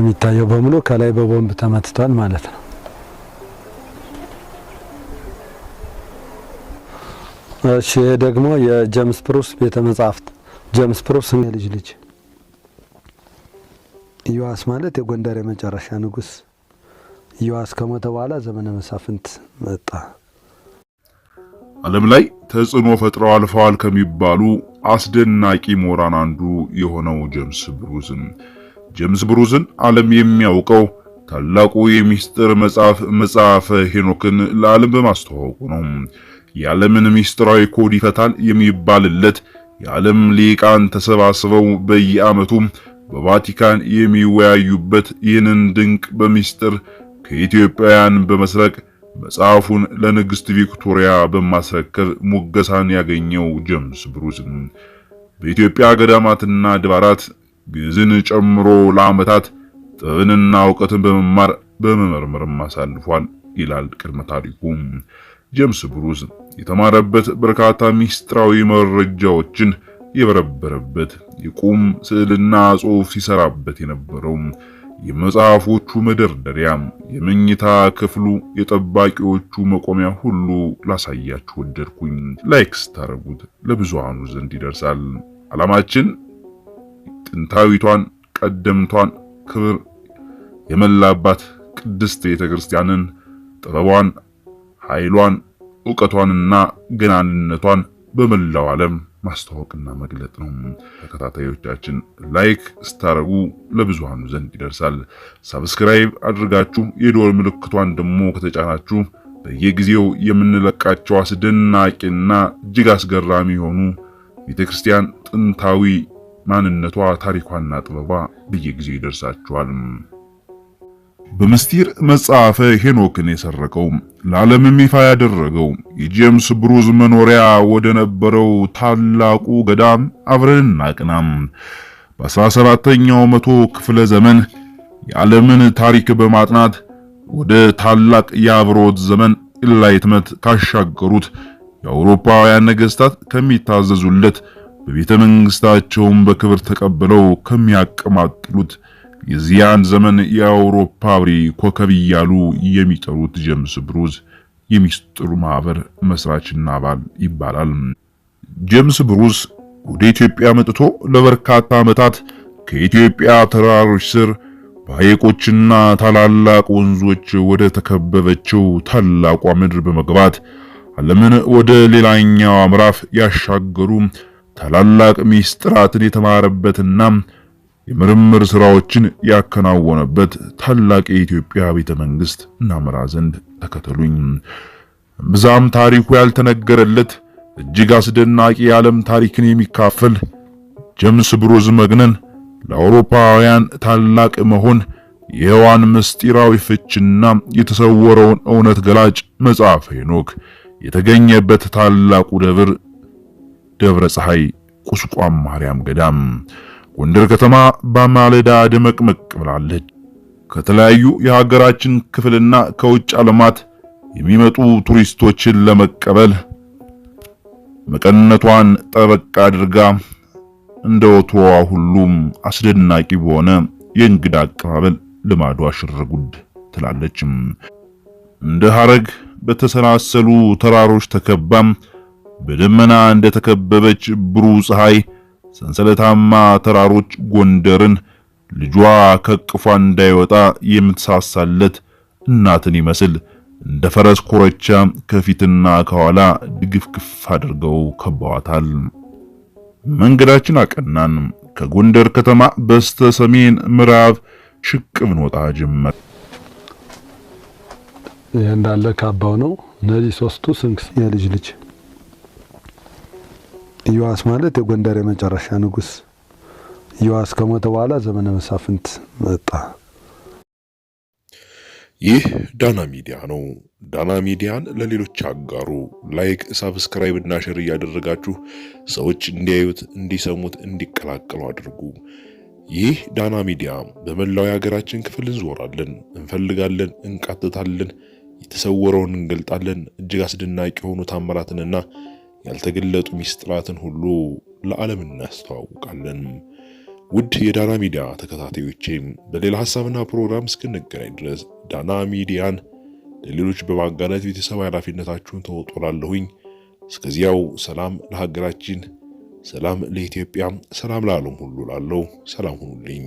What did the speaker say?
የሚታየው በሙሉ ከላይ በቦምብ ተመትቷል ማለት ነው። እሺ ይሄ ደግሞ የጀምስ ፕሩስ ቤተ መጻሕፍት። ጀምስ ፕሩስ ልጅ ልጅ ኢዮአስ ማለት የጎንደር የመጨረሻ ንጉስ ኢዮአስ ከሞተ በኋላ ዘመነ መሳፍንት መጣ። ዓለም ላይ ተጽዕኖ ፈጥረው አልፈዋል ከሚባሉ አስደናቂ ምሁራን አንዱ የሆነው ጀምስ ፕሩስም ጄምስ ብሩዝን ዓለም የሚያውቀው ታላቁ የሚስጥር መጽሐፍ መጽሐፈ ሄኖክን ለዓለም በማስተዋወቁ ነው። የዓለምን ሚስጥራዊ ኮድ ይፈታል የሚባልለት የዓለም ሊቃን ተሰባስበው በየዓመቱ በቫቲካን የሚወያዩበት ይህንን ድንቅ በሚስጥር ከኢትዮጵያውያን በመስረቅ መጽሐፉን ለንግሥት ቪክቶሪያ በማስረከብ ሙገሳን ያገኘው ጄምስ ብሩስ በኢትዮጵያ ገዳማትና ድባራት ግዕዝን ጨምሮ ለዓመታት ጥበብንና እውቀትን በመማር በመመርመርም አሳልፏል ይላል ቅድመ ታሪኩ። ጄምስ ብሩስ የተማረበት በርካታ ሚስጥራዊ መረጃዎችን የበረበረበት የቁም ስዕልና ጽሑፍ ሲሰራበት የነበረው የመጽሐፎቹ መደርደሪያ፣ የመኝታ ክፍሉ፣ የጠባቂዎቹ መቆሚያ ሁሉ ላሳያችሁ ወደድኩኝ። ላይክስ ታረጉት ለብዙሃኑ ዘንድ ይደርሳል። ዓላማችን ጥንታዊቷን ቀደምቷን ክብር የመላባት ቅድስት ቤተ ክርስቲያንን ጥበቧን፣ ኃይሏን፣ ዕውቀቷንና ገናንነቷን በመላው ዓለም ማስተዋወቅና መግለጥ ነው። ተከታታዮቻችን ላይክ ስታደርጉ ለብዙሃኑ ዘንድ ይደርሳል። ሰብስክራይብ አድርጋችሁ የዶር ምልክቷን ደግሞ ከተጫናችሁ በየጊዜው የምንለቃቸው አስደናቂና እጅግ አስገራሚ የሆኑ ቤተክርስቲያን ጥንታዊ ማንነቷ፣ ታሪኳና ጥበቧ በየጊዜው ይደርሳቸዋል። በምስጢር መጽሐፈ ሄኖክን የሰረቀው ለዓለምም ይፋ ያደረገው የጄምስ ብሩዝ መኖሪያ ወደ ነበረው ታላቁ ገዳም አብረን እናቅናም። በ17ኛው መቶ ክፍለ ዘመን የዓለምን ታሪክ በማጥናት ወደ ታላቅ የአብሮት ዘመን ኢንላይትመንት ካሻገሩት የአውሮፓውያን ነገስታት ከሚታዘዙለት በቤተ መንግስታቸውም በክብር ተቀብለው ከሚያቀማጥሉት የዚያን ዘመን የአውሮፓ አብሪ ኮከብ እያሉ የሚጠሩት ጀምስ ብሩስ የሚስጥሩ ማህበር መስራችና አባል ይባላል። ጀምስ ብሩስ ወደ ኢትዮጵያ መጥቶ ለበርካታ ዓመታት ከኢትዮጵያ ተራሮች ስር በሐይቆችና ታላላቅ ወንዞች ወደ ተከበበችው ታላቋ ምድር በመግባት ዓለምን ወደ ሌላኛው ምዕራፍ ያሻገሩ ታላላቅ ሚስጥራትን የተማረበትና የምርምር ስራዎችን ያከናወነበት ታላቅ የኢትዮጵያ ቤተ መንግስት እናመራ ዘንድ ተከተሉኝ። ብዛም ታሪኩ ያልተነገረለት እጅግ አስደናቂ የዓለም ታሪክን የሚካፈል ጀምስ ብሩስ መግነን ለአውሮፓውያን ታላቅ መሆን የሔዋን ምስጢራዊ ፍችና የተሰወረውን እውነት ገላጭ መጽሐፈ ሄኖክ የተገኘበት ታላቁ ደብር ደብረ ፀሐይ ቁስቋም ማርያም ገዳም ጎንደር ከተማ በማለዳ ደመቅመቅ ብላለች። ከተለያዩ የሀገራችን ክፍልና ከውጭ ዓለማት የሚመጡ ቱሪስቶችን ለመቀበል መቀነቷን ጠበቅ አድርጋ እንደ ወትሮዋ ሁሉም አስደናቂ በሆነ የእንግዳ አቀባበል ልማዷ ሽርጉድ ትላለችም። እንደ ሐረግ በተሰናሰሉ ተራሮች ተከባም በደመና እንደተከበበች ብሩህ ፀሐይ ሰንሰለታማ ተራሮች ጎንደርን ልጇ ከቅፏ እንዳይወጣ የምትሳሳለት እናትን ይመስል እንደ ፈረስ ኮረቻ ከፊትና ከኋላ ድግፍግፍ አድርገው ከበዋታል። መንገዳችን አቀናን። ከጎንደር ከተማ በስተ ሰሜን ምዕራብ ሽቅ እንወጣ ጀመር። ይህ እንዳለ ካባው ነው። እነዚህ ሶስቱ ስንክስ የልጅ ልጅ ኢዮዋስ ማለት የጎንደር የመጨረሻ ንጉስ ኢዮዋስ ከሞተ በኋላ ዘመነ መሳፍንት መጣ። ይህ ዳና ሚዲያ ነው። ዳና ሚዲያን ለሌሎች አጋሩ። ላይክ፣ ሳብስክራይብ እና ሸር እያደረጋችሁ ሰዎች እንዲያዩት፣ እንዲሰሙት፣ እንዲቀላቀሉ አድርጉ። ይህ ዳና ሚዲያ በመላው የሀገራችን ክፍል እንዞራለን፣ እንፈልጋለን፣ እንቃትታለን፣ የተሰወረውን እንገልጣለን። እጅግ አስደናቂ የሆኑ ታምራትንና ያልተገለጡ ሚስጥራትን ሁሉ ለዓለም እናስተዋውቃለን። ውድ የዳና ሚዲያ ተከታታዮቼም በሌላ ሀሳብና ፕሮግራም እስክንገናኝ ድረስ ዳና ሚዲያን ለሌሎች በማጋነት ቤተሰብ ኃላፊነታችሁን ተወጦላለሁኝ። እስከዚያው ሰላም ለሀገራችን፣ ሰላም ለኢትዮጵያ፣ ሰላም ለዓለም ሁሉ ላለው ሰላም ሁኑልኝ።